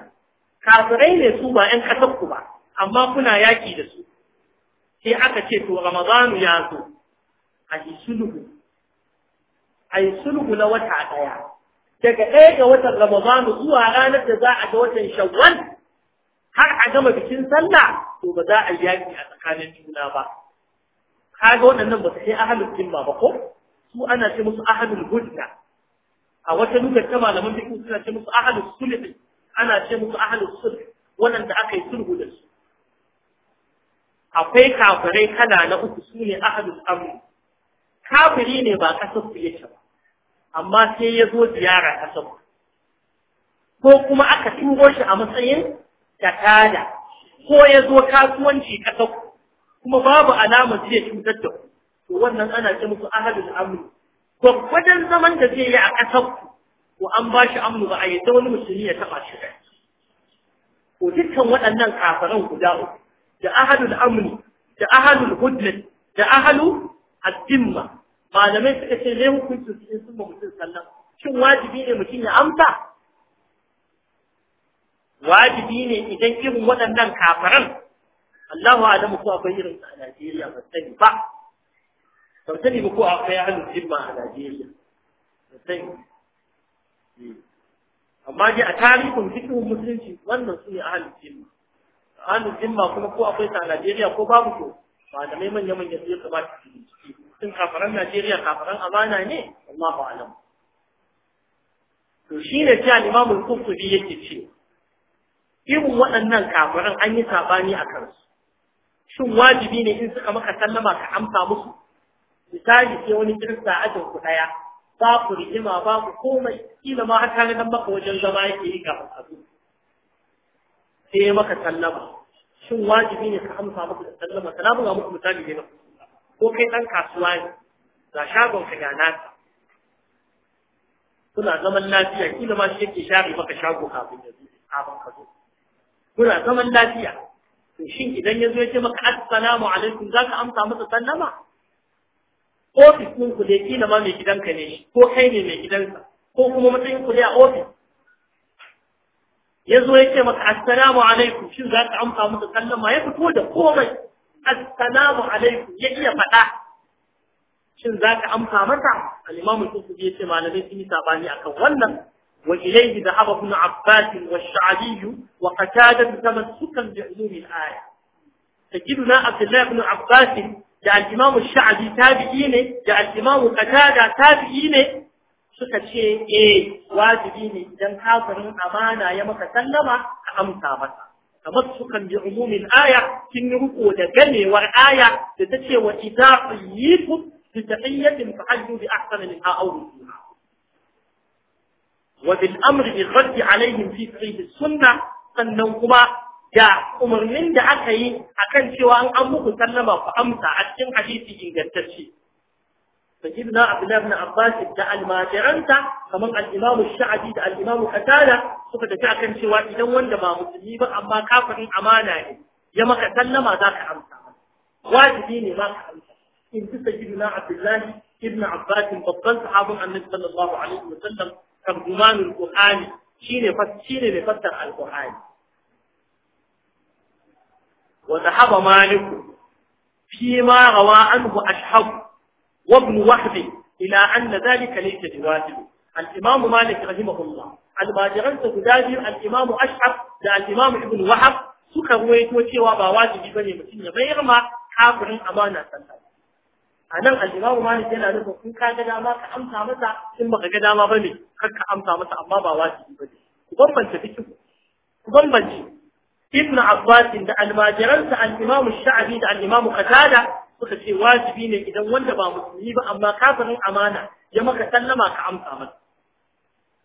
kafirai ne su ba 'yan ƙasar ku ba amma kuna yaki da su sai aka ce to ramadanu ya zo a yi sulhu a yi sulhu na wata ɗaya daga ɗaya ga watan Ramadan zuwa ranar da za a ga watan Shawwal har a gama bikin sallah to ba za a yaki a tsakanin juna ba kaga waɗannan ba su kai ahlul jimma ba ko su ana ce musu ahlul hudda a wata lugar ta malaman fiqh suna ce musu ahlul sulh ana ce musu ahlul sulh waɗanda aka yi sulhu da su akwai kafirai kala na uku su ne ahlul amr kafiri ne ba kasar su yake ba amma sai ya zo ziyara kasar ko kuma aka turo shi a matsayin takada ko ya zo kasuwanci kasar kuma babu alamar zai cutar da ku to wannan ana ce musu ahadul ko gwaggwajen zaman da zai yi a kasar ku ko an ba shi amnu ba a yi ta wani musulmi ya taɓa shi ko dukkan waɗannan kafaran guda uku da ahadul da hudud da ahlu addimma malamai suka ce ne hukuncin su sun ba mutum sallan shin wajibi ne mutum ya amsa wajibi ne idan irin waɗannan kafiran Allahu a'lamu ko akwai irin a Najeriya ba sani ba ba sani ba ko akwai ahlul jimma a Najeriya ba sani eh, amma dai a tarihin fiqhin musulunci wannan su ne ahlul jimma ahlul jimma kuma ko akwai ta a Najeriya ko babu ko malamai manya manya su ya kamata su jiki. sun kafaran Najeriya kafaran amana ne Allah ba alam to shi ne ta limamul kutubi yake ce Ibin waɗannan kafaran an yi sabani a kansu shin wajibi ne in suka maka sallama ka amsa musu misali sai wani kirista ajin ku daya ba ku rigima ba ku komai kila ma har ka maka wajen zama yake yi ga abu sai maka sallama shin wajibi ne ka amsa muku da sallama sallama ga muku misali ne na ko kai ɗan kasuwa ne ga shagon ka ga naka kuna zaman lafiya kila ma shi yake share maka shago kafin ya zo kafin ka zo kuna zaman lafiya to shin idan ya zo ya ce maka assalamu alaikum za ka amsa masa sallama ofis ɗin ku dai kila ma mai gidanka ne ko kai ne mai gidanka ko kuma matsayin ku dai a ofis ya zo ya ce maka assalamu alaikum shin za ka amsa masa sallama ya fito da komai assalamu alaikum ya iya faɗa shin za ka amsa masa al-imamu su ce malamai sun yi sabani akan wannan wa da haɓa kuna Abbasin wa sha'bi wa qatada tamassukan bi ulumi al-aya sayyiduna Abdullahi ibn Abbasin da al-imamu sha'bi tabi'i ne da al-imamu qatada tabi'i ne suka ce eh wajibi ne idan kafirin amana ya maka sallama ka amsa masa tamassukan bi umumin aya kin yi da ganewar aya da ta ce wa idza qayyitu bi tahiyyatin fa hayyu bi ahsani min a'awduha wa bil amri bi raddi alaihim fi sahih sunna sannan kuma da umarnin da aka yi akan cewa an an muku sallama ku amsa a cikin hadisi ingantacce سيدنا عبد الله بن عباس da almajiranta kamar al-Imam da al Katada. suka tafi kan cewa idan wanda ba musulmi ba amma kafirin amana ne ya maka sallama za ka amsa wajibi ne za ka amsa in ji sayyidina Abdullah ibn Abbas babban sahabin Annabi sallallahu alaihi wa sallam tarjumanul Qur'ani shine shine ne fassar ma rawa anhu ashab وابن وحده إلى أن ذلك ليس بواجب الإمام مالك رحمه الله الماجران تدابير الإمام أشعب دا الإمام ابن وحب سكا رويتو تيوا بواجب بني مسلم غير ما كافرين أمانة سنتين a nan al'imamu malik yana nufin kun ka ga dama ka amsa masa in baka ga dama ba kar ka amsa masa amma ba wajibi ba ne ku bambance fikin ku bambance ibn abbas da almajiransa al-imamu sha'abi da al-imamu suka ce wajibi ne idan wanda ba musulmi ba amma kafirin amana ya maka sallama ka amsa masa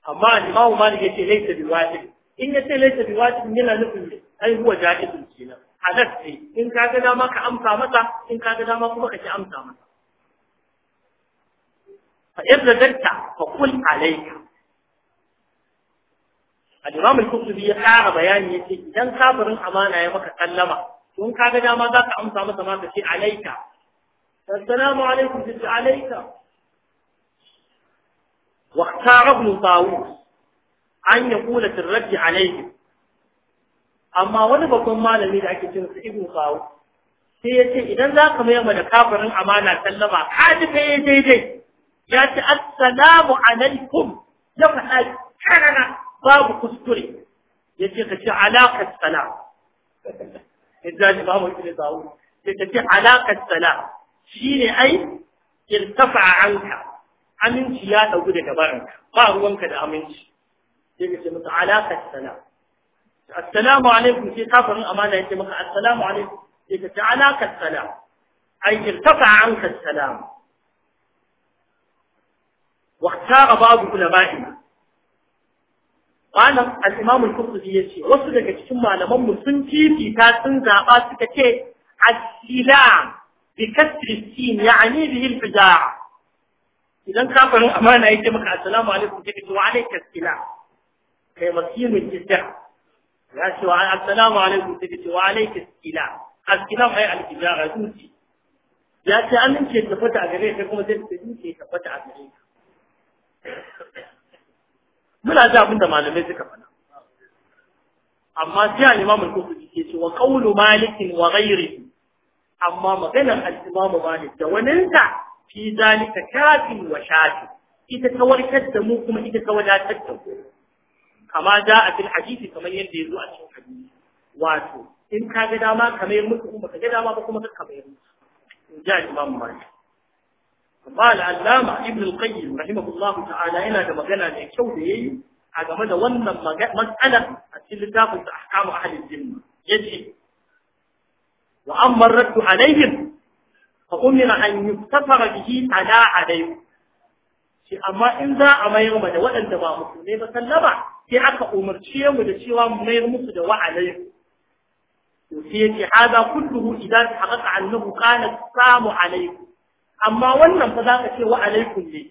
amma limamu malik yace laysa bi wajib in yace laysa bi wajib yana nufin ne ai huwa jaizun kenan halal ne in ka ga dama ka amsa masa in ka ga dama kuma ka ki amsa masa fa idza dakta fa qul alayka al-imam al-qurtubi ya ƙara bayani yace idan kafirin amana ya maka sallama Dun ka ga dama za ka amsa masa ma ka ce alaika assalamu alaikum ta ce alaika wa ikhtara ibn tawus an yaqula tirraji alaihi amma wani babban malami da ake cin ibn tawus sai ya ce idan za ka mayar da kafirin amana sallama ka ji kai daidai ya ce assalamu alaikum ya faɗa karana babu kuskure ya ce ka ce alaƙar salam الزاج إمام ابن داود يتبع علاقة سلام شيني أي ارتفع عنك aminci ya ɗauki daga barin ba ruwanka da aminci sai ka ce masa alaƙar salam assalamu alaikum sai kafarin amana ya ce maka assalamu alaikum sai ka ce alaƙar salam malam al-imam al-qurtubi yace wasu daga cikin malamanmu mu sun fifita sun zaɓa suka ce Asila, sila bi kasri sin ya'ni bihi al idan kafirin amana yake maka assalamu alaikum take to alayka as-sila kai makimin jidda ya ce wa assalamu alaikum take to alayka as-sila as-sila ai al zuci ya ce amince ta tafata a gare ka kuma zai tafi zuci ta fata a gare ka muna ji abin da malamai suka faɗa amma sai al-imam al su ke ce wa qawlu malikin wa ghayrihi amma maganar al imamu malik da waninsa fi zalika kafin wa shafi ita ta warkar da mu kuma ita ta wadatar da kama da a cikin hadisi kamar yadda ya zo a cikin hadisi wato in ka ga dama kamar mutu kuma ka ga dama ba kuma ka kamar mutu in ji al malik قال علامة ابن القيم رحمه الله تعالى إلى كما قال الكوبي عندما ظن ما مسألة أتيل تأخذ أحكام أهل الجنة يجب وأما الرد عليهم فأمر أن يفتفر به على عليهم في أما إن ذا أما يوم ذا ولن تبا مسلمين فسلبا في عك أمر شيء وذا شيء وامير مسجد وعليهم وفي هذا كله إذا حقق عنه كان سام عليكم amma wannan fa za ka ce wa alaikum ne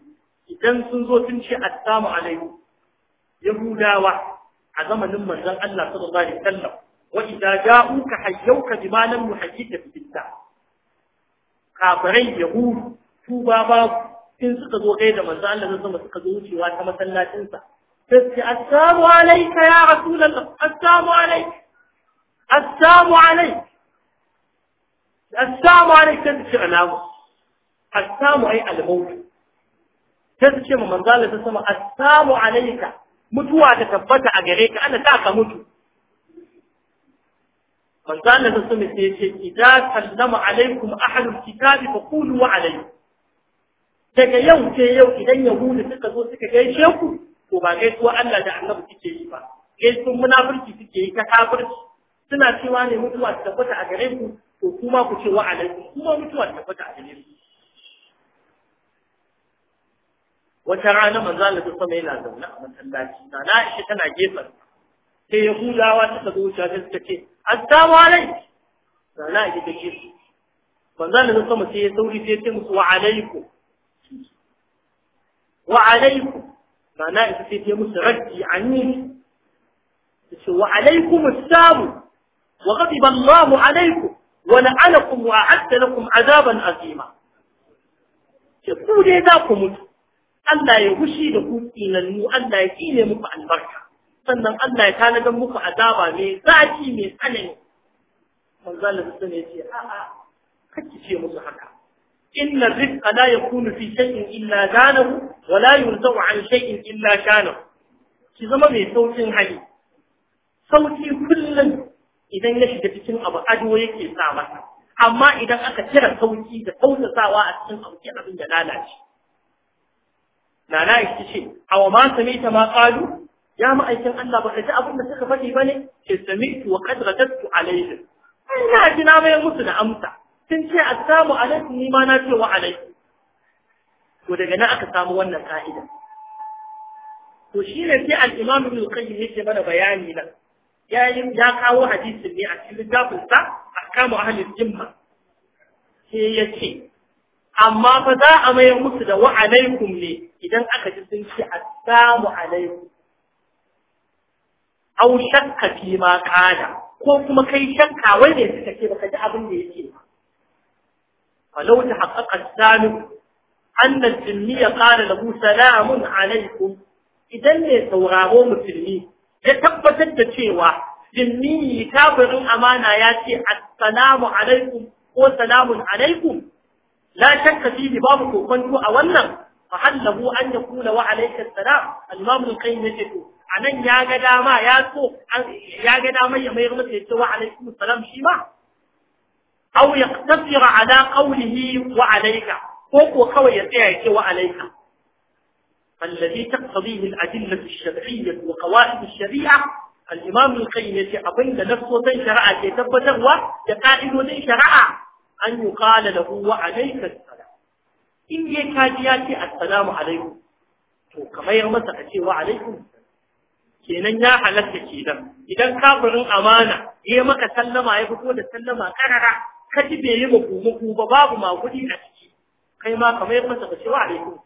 idan sun zo sun ce assalamu alaikum yahudawa a zamanin manzon Allah sallallahu alaihi wasallam wa idza ja'uka hayyuka bima lam yuhayyika fi billah kafirai yahudu su ba ba sun suka zo kai da manzon Allah sallallahu alaihi suka zo wucewa ta masallacinsa sai ce assalamu alayka ya rasulullah assalamu alayka assalamu alayka assalamu alayka sai ce alamu asamu ai al-maut sai su ce mu manzala ta sama asamu alayka mutuwa ta tabbata a gare ka ana ta ka mutu Manzala ta sama sai ce idan sallama alaikum ahlul kitabi fa qulu wa alayhi daga yau ce yau idan yahudu suka zo suka gaishe ku to ba gaisuwa Allah da Annabi suke yi ba gaisuwan munafurci suke yi ta kafirci suna cewa ne mutuwa ta tabbata a gare ku to kuma ku ce wa alaikum kuma mutuwa ta tabbata a gare ku wata rana manzo Allah ta sama yana zaune a masallaci na shi tana gefen sai Yahudawa ta zo wuce sai suka ce assalamu alaikum na Aisha ta ce manzo Allah ta sama sai ya sauri sai ya ce musu wa alaikum wa alaikum na Aisha sai ya musu raddi anni sai wa alaikum assalam wa ghadiba Allah alaikum wa la'anakum wa a'adda lakum azaban azima ce ku dai za ku mutu Allah ya hushi da ku tsinannu Allah ya kine muku albarka sannan Allah ya tanadar muku azaba mai zafi mai tsanani manzo Allah sun ya ce kake ce musu haka inna rizqa la yakunu fi shay'in illa zanahu wa la yurzau an shay'in illa shanahu ki zama mai saukin hali sauki kullum idan ya shiga cikin abu ado yake sa masa amma idan aka cire sauki da tausasawa a cikin abu abin da lalace nana ita ce awa ma ta ma qalu ya ma'aikin Allah ba ji abin da suka faɗi bane ke samitu wa qad radadtu alaihim ina ji na mai musu da amsa sun ce assalamu alaikum ni ma na ce wa alaihi. to daga nan aka samu wannan ka'ida to shi ne sai al-imam ibn qayyim yake mana bayani nan ya ya kawo hadisin ne a cikin littafin sa kama ahli jimma sai yace amma fa za a mayar musu da wa ne idan aka ji sun ce assalamu alaikum au shakka fi ma kada ko kuma kai shakka wai ne suka ce baka ji abin da yake ba falau ta haqqaqa Annan, anna jinniya qala lahu salamun alaikum idan ne sauraro musulmi ya tabbatar da cewa jinni kafirin amana ya ce assalamu alaikum ko salamun alaikum لا شك في لبابك وفنك أولا فعله أن يقول وعليك السلام المام القيم يقول عنن يا قداما يا سو يا قداما يا ميغمت يجده وعليك السلام شما أو يقتصر على قوله وعليك فوق وخوى يتعيك عليك فالذي تقتضيه الأدلة الشرعية وقواعد الشريعة الإمام القيم يجي أبين نفسه تنشرع كي تبتغوى يقائل تنشرع an yi kala da huwa alaika salam in ya ka ya ce assalamu alaikum to kamar mayar masa ka ce wa alaikum kenan ya halatta kenan idan kafirin amana ya maka sallama ya fito da sallama karara ka ji bai yi maku ba babu magudi a ciki kai ma kamar mayar masa ka ce wa alaikum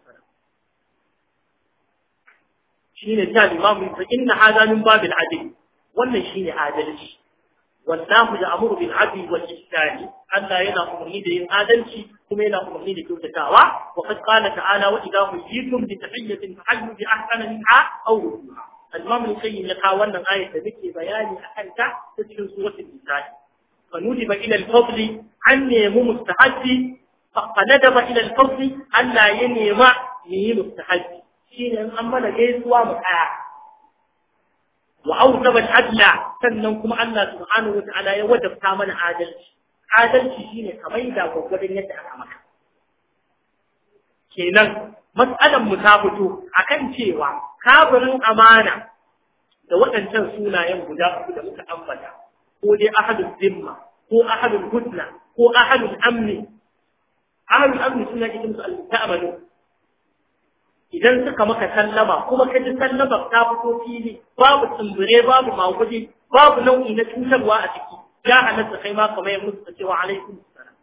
shine ta limamu fa inna hada min babil adl wannan shine adalci والله يأمر بالعدل والإحسان أن ينا أمرني به آدمتي ثم ينا أمرني به تتاوى وقد قال تعالى وإذا حييتم بتحية فحيوا بأحسن منها أو رفوها المام القيم يقاونا آية ذكي بياني أحلتا تسلم سورة الإنسان فنذب إلى الفضل عن نيم مستحدي فقندب إلى الفضل أن لا ينيم نيم مستحدي شين أمنا جيسوا مستحدي wa awdabat adla sannan kuma Allah subhanahu wataala ya wadafta mana adalci adalci shine kamar da gwagwadon yadda aka maka kenan mas'alan mu ta fito akan cewa kafirin amana da waɗancan sunayen guda uku da muka ambata ko dai ahadul zimma ko ahadul hudna ko ahadul amni ahadul amni suna cikin su al taamalu idan suka maka sallama kuma ka ji sallamar ta fito fili babu tsumbure babu maguji babu nau'i na cutarwa a ciki ya halatta kai ma kamar ya musu cewa alaikum salam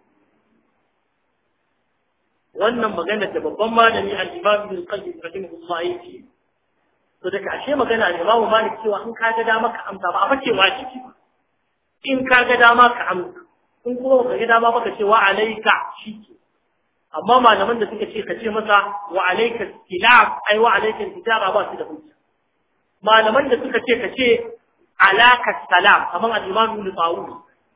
wannan magana da babban malami al-imam ibn qayyim rahimahullah yake to daga ashe magana ne babu malik cewa in ka ga dama ka amsa ba a wa ciki ba in ka ga dama ka amsa in kuma ka ga dama baka cewa alaika shi ke amma malaman da suka ce ka ce masa wa alayka kilab ai wa alayka ba su da hujja malaman da suka ce ka ce alaka salam kaman al-imam ibn tawud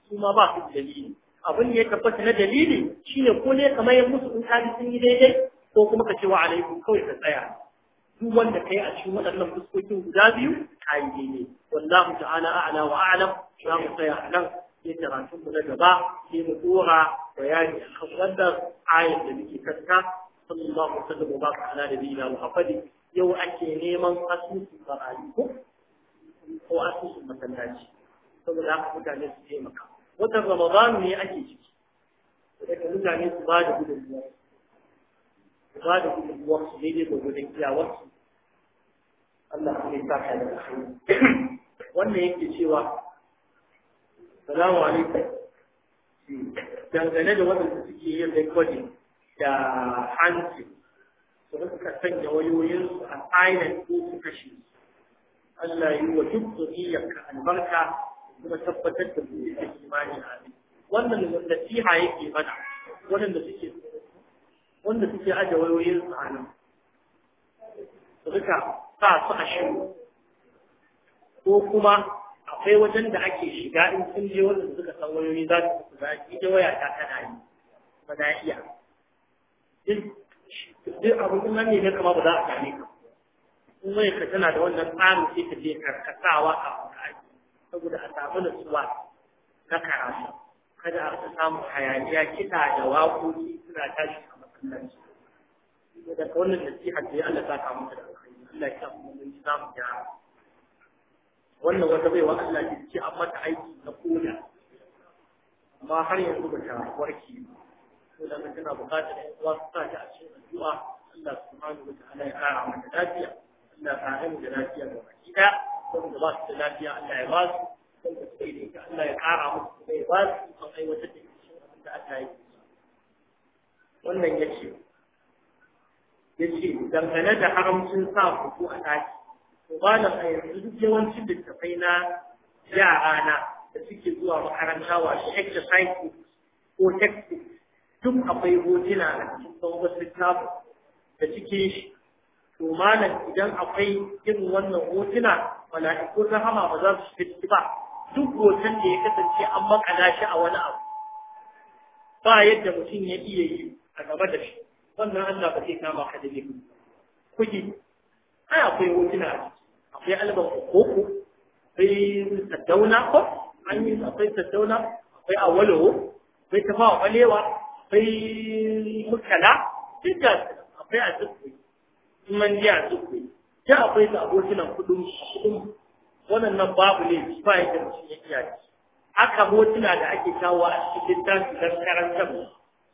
su ma ba su dalili abin da ya tabbata na dalili shine ko ne kamar yan musu in kaji sun yi daidai ko kuma ka ce wa alaikum kawai ka tsaya duk wanda kai a cikin waɗannan fuskokin guda biyu kayi ne wallahu ta'ala a'la wa a'lam za mu tsaya nan sai karatun mu na gaba sai mu dora bayani A kan wannan ayat da muke kanta sallallahu alaihi wasallam ba ka ala nabiyina muhammadin yau ake neman asusun barayi ko ko asusun masallaci saboda haka mutane su taimaka watan ramadan ne ake ciki daga mutane su ba da gudunmuwa su ba da gudunmuwa su daidai gwagwadon iyawarsu Allah ya sa ka da wannan yake cewa salamu alaikum dangane da waɗanda suke yin recording da hanci su suka sanya wayoyinsu a silent ko su kashe Allah yi wa duk zuriyarka albarka kuma tabbatar da buɗe yake imani amin wannan nasiha yake mana waɗanda suke wanda suke aje wayoyinsu a nan su rika sa su a shiru ko kuma akwai wajen da ake shiga in sun je wanda suka san wayoyi za su su zaki da waya ta tana yi ba za iya duk abin nan ne na kama ba za a same ka in mai ka tana da wannan tsarin sai ka je karkatawa a ka aiki saboda a samu nutsuwa na karatu kada a samu hayaniya kita da waƙoƙi suna tashi a masallaci daga wannan nasiha da ya Allah ta kamu da alkhairi Allah ya samu mun samu gyara wannan wata baiwa Allah ke ce an mata aiki na koda amma har yanzu ba ta warke ko da tana buƙatar ɗan uwa su sa ta a cikin addu'a Allah subhanahu wata ta'ala ya ƙara mata lafiya Allah ya ƙara mu da lafiya da baki ɗaya wanda ba su da lafiya Allah ya ba su suka yi da ita Allah ya ƙara musu kuma ya ba su kan aiwatar da cikin abin da Allah yi wannan ya ce ya ce dangane da haramcin sa hutu a ɗaki malam a yanzu duk yawancin littattafai na yara na da suke zuwa makaranta wa shi exercise ko textbook duk akwai hotuna a cikin sauran littafin da cikin shi to malam idan akwai irin wannan hotuna mala'ikun rahama ba za su fiti ba duk hoton da ya kasance an makala shi a wani abu ba yadda mutum ya iya yi a gaba da shi wannan Allah ba zai kama ka da laifi ai akwai hotuna a ciki akwai alban koko akwai saddauna ko an yi akwai saddauna akwai awalo akwai tafawa kwalewa akwai mutala duk akwai a zukuri man ji a zukuri ta akwai su abokinan kudin kudin waɗannan babu ne ba yadda mutum ya iya ci haka hotuna da ake kawo a cikin littafi don karantar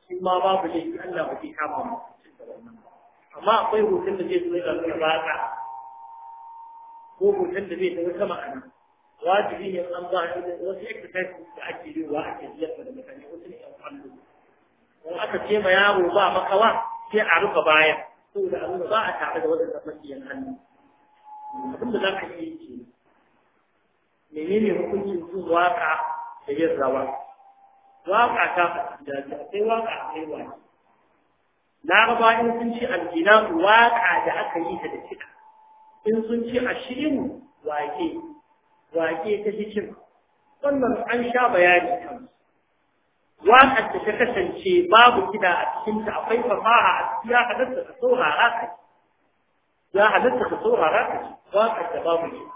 shi ma babu ne Allah ba kama mutum amma akwai hoton da zai zo da ba ko hoton da zai da wata ma'ana wajibi ne an ba da wasu exercise da ake yi wa ake ziyarta da mutane wasu ne yan kwallo in aka ce ma yaro ba makawa sai a rufe baya saboda an ba a tare da wadanda makiyan hannu abin da za ka yi ke menene hukuncin jin waka da yin rawa waka ta fasida da akwai waka akwai wani larabawa in sun ce aljina waka da aka yi ta da cika in sun ce ashirin wake wake ta hikima wannan an sha bayani kan waƙar da ta kasance babu gida a cikin ta akwai fafaha a ciki ya halatta ka saurara ka ya halatta ka saurara ka waƙar da babu gida.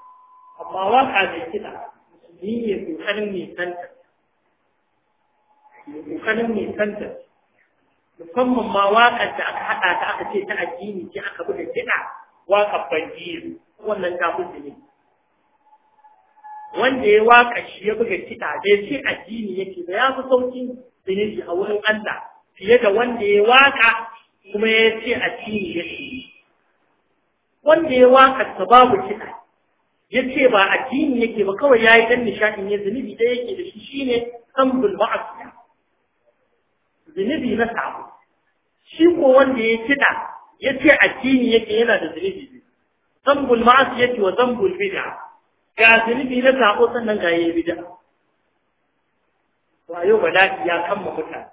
amma waƙa mai kida ni ne ƙoƙarin mai ƙoƙarin nisanta musamman ma waƙar da aka haɗa ta aka ce ta addini ce aka bude kiɗa waƙar bangiru wannan kafin ne wanda ya waka shi ya buga kiɗa ya ce addini yake da ya fi sauƙin zunubi a wurin Allah fiye da wanda ya waka kuma ya ce addini yake wanda ya waka ta babu kiɗa ya ce ba addini yake ba kawai ya yi ɗan nishaɗin ya zunubi da yake da shi shi shine tambul ma'asiya zunubi na sabo shi ko wanda ya kiɗa a addini yake yana da zunubi zambul ma'asiyati wa zambul bid'a ga zunubi na sako sannan ga yayi bid'a to ayo bala'i ya kan mutane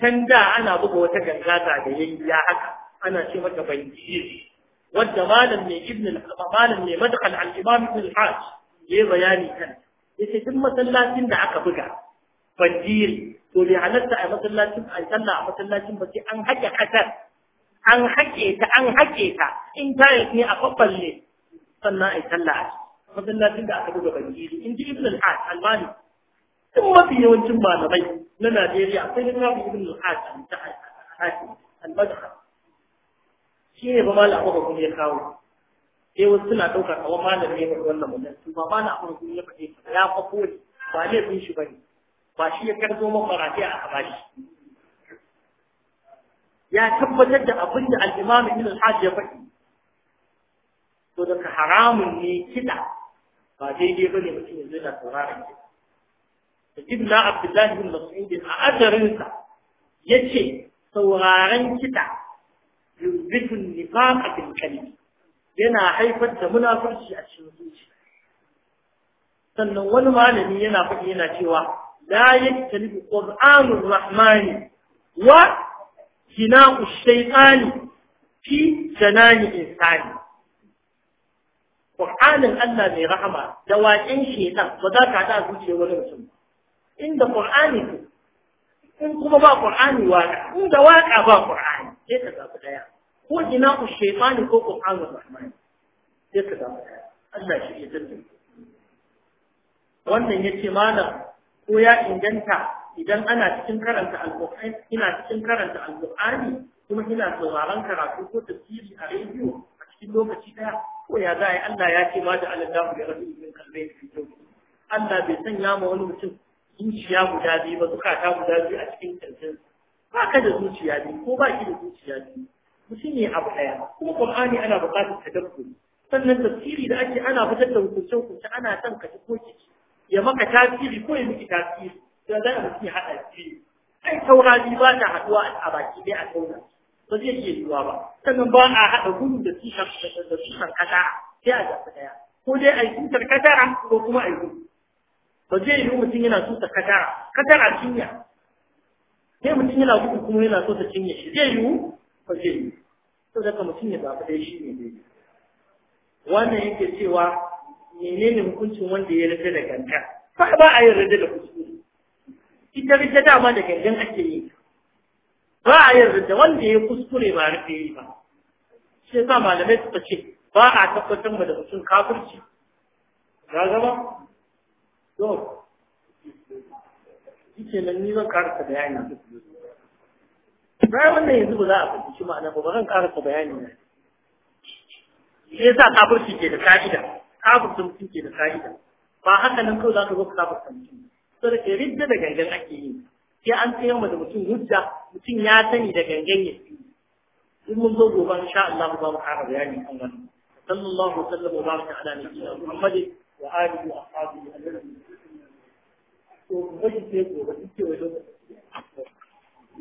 can da ana buga wata gangata da yayi ya haka ana ce mata banjiri wadda malam ne ibn al-malam ne madkhal al-imam ibn al-hajj ya bayani kan yace duk masallacin da aka buga ban to bai halatta a masallacin a sallah a masallacin ba sai an haƙe ƙasar. an haƙe ta an haƙe ta in tare ne a ne sannan a yi sallah a masallacin da aka buga bangiji in ji ibn al-hajj tun duk mafi yawancin malamai na najeriya akwai da nabi ibn al-hajj al madha shi ne ba malam abu kuma ya kawo sai wasu suna ɗaukar kawo malam ne mai wannan mutum su ba malam abu kuma ya faɗe ya fa ba ba laifin shi ba ne ba shi ya karzo mafarati a bashi ya tabbatar da abin da al ibn al ya faɗi to daga haramun ne kiɗa ba daidai ba ne mutum yanzu na sauraron kiɗa da ibn abdullahi ibn mas'ud a ajarinsa yace sauraron kiɗa yuzbitu nifaq bil kalbi yana haifar da munafurci a cikin zuciya sannan wani malami yana faɗi yana cewa la yaktalibu qur'anur rahmani wa hina'u shaytani fi janani insani Qur'anin Allah mai rahama da waƙen shaitan ba za ka da zuciyar wani mutum inda Qur'ani in kuma ba Qur'ani waka in da waka ba Qur'ani sai ka zaɓi ɗaya ko ina ku ko Qur'anu Rahman sai ka zaɓi ɗaya Allah shi ya tabbata wannan yace malam ko ya inganta idan ana cikin karanta alƙur'ani ina cikin karanta alƙur'ani kuma ina sauraron karatu ko tafsiri a rediyo a cikin lokaci ɗaya ko ya za a yi Allah ya ce ma da Allah da ya rasu ibn kalbai fi kyau Allah bai sanya ma wani mutum zuciya guda biyu ba zukata guda biyu a cikin kantin ba ka da zuciya biyu ko ba ki da zuciya biyu mutum ne abu ɗaya kuma Qur'ani ana buƙatar tadabburi sannan tafsiri da ake ana fitar da hukunce hukunce ana son ka ko ki ya maka tasiri ko ya miki tasiri da za mu ci haɗa ci ai taurari ba ta haɗuwa a baki dai a tauna ba zai iya yiwuwa ba sannan ba a haɗa gudu da tushen da tushen kasa sai a zafi ɗaya ko dai a yi tushen katara ko kuma a yi gudu ba zai yiwu mutum yana tusa katara katara cinya sai mutum yana gudu kuma yana so ta cinye shi zai yiwu ba zai yiwu to daga mutum ya zaɓi ɗaya shi ne dai wannan yake cewa menene hukuncin wanda ya rage da ganta ba a yin rage da kuskure ita rita dama da gangan ake yi ba a yanzu, da wanda ya kuskure ba rufe yi ba shi yasa malamai suka ce ba a tabbatar da mutum kafirci ga gaba to shi nan ni zan karasa bayani bayan wannan yanzu ba za a fahimci ma'ana ba zan karasa bayani na. shi yasa kafirci ke da ka'ida kafirci mutum ke da ka'ida ba haka nan kawai za ka zo ka kafirta mutum so da ke ridda da gangan ake yi sai an tsayar da mutum hujja mutum ya sani da gangan ya fi in mun zo gobe sha Allah ba mu fara bayani kan wani sallallahu alaihi wa sallam wa baraka ala nabiyyina Muhammad wa alihi wa ashabihi alladhi to mun ji sai gobe sai wato